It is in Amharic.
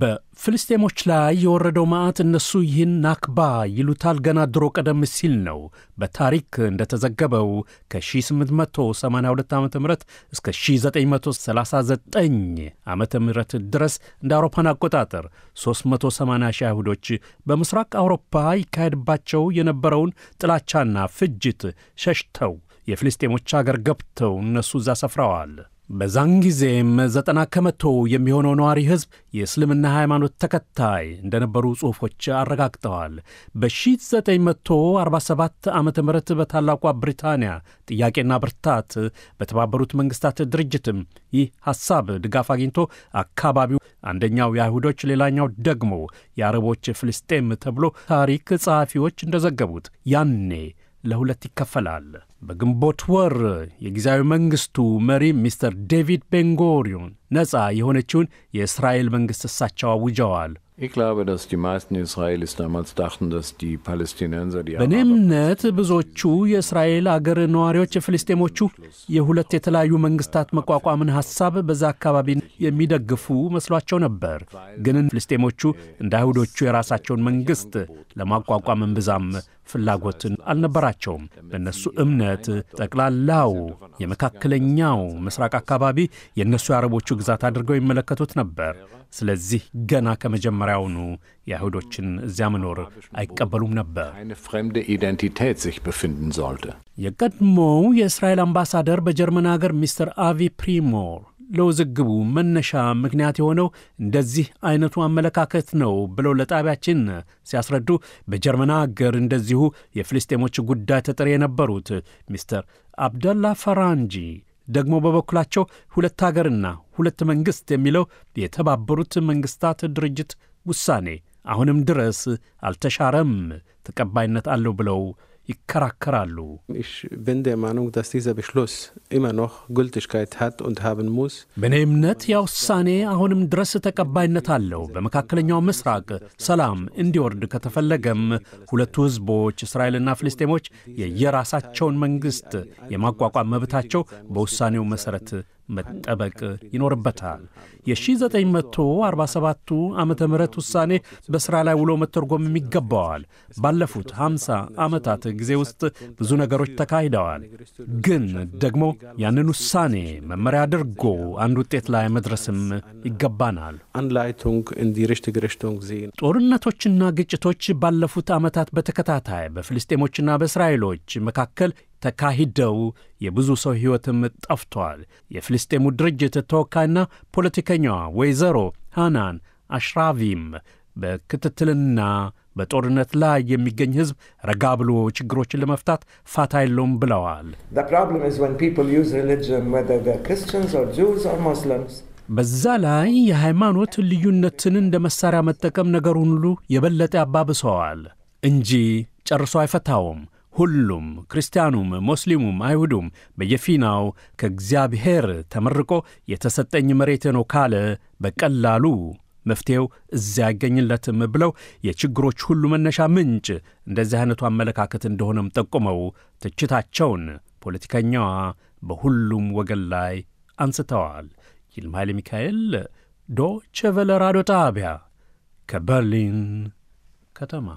በፍልስጤሞች ላይ የወረደው መዓት እነሱ ይህን ናክባ ይሉታል። ገና ድሮ ቀደም ሲል ነው በታሪክ እንደተዘገበው ከ1882 ዓ ም እስከ 1939 ዓ ም ድረስ እንደ አውሮፓን አቆጣጠር 380 ሺህ አይሁዶች በምስራቅ አውሮፓ ይካሄድባቸው የነበረውን ጥላቻና ፍጅት ሸሽተው የፍልስጤሞች አገር ገብተው እነሱ እዛ ሰፍረዋል። በዛን ጊዜም ዘጠና ከመቶ የሚሆነው ነዋሪ ሕዝብ የእስልምና ሃይማኖት ተከታይ እንደነበሩ ጽሑፎች አረጋግጠዋል። በ1947 ዓ ም በታላቋ ብሪታንያ ጥያቄና ብርታት በተባበሩት መንግሥታት ድርጅትም ይህ ሐሳብ ድጋፍ አግኝቶ አካባቢው አንደኛው የአይሁዶች ሌላኛው ደግሞ የአረቦች ፍልስጤም ተብሎ ታሪክ ጸሐፊዎች እንደዘገቡት ያኔ ለሁለት ይከፈላል። በግንቦት ወር የጊዜያዊ መንግስቱ መሪ ሚስተር ዴቪድ ቤንጎሪዮን ነፃ የሆነችውን የእስራኤል መንግሥት እሳቸው አውጀዋል። በእኔም እምነት ብዙዎቹ የእስራኤል አገር ነዋሪዎች የፍልስጤሞቹ የሁለት የተለያዩ መንግስታት መቋቋምን ሐሳብ በዛ አካባቢ የሚደግፉ መስሏቸው ነበር። ግን ፍልስጤሞቹ እንደ አይሁዶቹ የራሳቸውን መንግሥት ለማቋቋም እምብዛም ፍላጎትን አልነበራቸውም። በእነሱ እምነት ጠቅላላው የመካከለኛው ምስራቅ አካባቢ የእነሱ የአረቦቹ ግዛት አድርገው ይመለከቱት ነበር። ስለዚህ ገና ከመጀመሪያ መጀመሪያውኑ የአይሁዶችን እዚያ መኖር አይቀበሉም ነበር። የቀድሞው የእስራኤል አምባሳደር በጀርመን አገር ሚስተር አቪ ፕሪሞር ለውዝግቡ መነሻ ምክንያት የሆነው እንደዚህ አይነቱ አመለካከት ነው ብለው ለጣቢያችን ሲያስረዱ በጀርመን አገር እንደዚሁ የፍልስጤሞች ጉዳይ ተጠሪ የነበሩት ሚስተር አብደላ ፈራንጂ ደግሞ በበኩላቸው ሁለት አገርና ሁለት መንግሥት የሚለው የተባበሩት መንግሥታት ድርጅት ውሳኔ አሁንም ድረስ አልተሻረም፣ ተቀባይነት አለው ብለው ይከራከራሉ። በእኔ እምነት ያ ውሳኔ አሁንም ድረስ ተቀባይነት አለው። በመካከለኛው ምስራቅ ሰላም እንዲወርድ ከተፈለገም ሁለቱ ሕዝቦች እስራኤልና ፍልስጤሞች የየራሳቸውን መንግሥት የማቋቋም መብታቸው በውሳኔው መሠረት መጠበቅ ይኖርበታል። የ1947 ዓመተ ምህረት ውሳኔ በሥራ ላይ ውሎ መተርጎም ይገባዋል። ባለፉት 50 ዓመታት ጊዜ ውስጥ ብዙ ነገሮች ተካሂደዋል። ግን ደግሞ ያንን ውሳኔ መመሪያ አድርጎ አንድ ውጤት ላይ መድረስም ይገባናል። ጦርነቶችና ግጭቶች ባለፉት ዓመታት በተከታታይ በፍልስጤሞችና በእስራኤሎች መካከል ተካሂደው የብዙ ሰው ሕይወትም ጠፍቷል። የፍልስጤሙ ድርጅት ተወካይና ፖለቲከኛዋ ወይዘሮ ሃናን አሽራቪም በክትትልና በጦርነት ላይ የሚገኝ ሕዝብ ረጋ ብሎ ችግሮችን ለመፍታት ፋታ የለውም ብለዋል። በዛ ላይ የሃይማኖት ልዩነትን እንደ መሣሪያ መጠቀም ነገሩን ሁሉ የበለጠ ያባብሰዋል እንጂ ጨርሶ አይፈታውም። ሁሉም ክርስቲያኑም፣ ሙስሊሙም፣ አይሁዱም በየፊናው ከእግዚአብሔር ተመርቆ የተሰጠኝ መሬት ነው ካለ በቀላሉ መፍትሔው እዚያ አይገኝለትም ብለው የችግሮች ሁሉ መነሻ ምንጭ እንደዚህ አይነቱ አመለካከት እንደሆነም ጠቁመው ትችታቸውን ፖለቲከኛዋ በሁሉም ወገን ላይ አንስተዋል። ይልማ ሚካኤል ዶቼ ራዲዮ ጣቢያ ከበርሊን ከተማ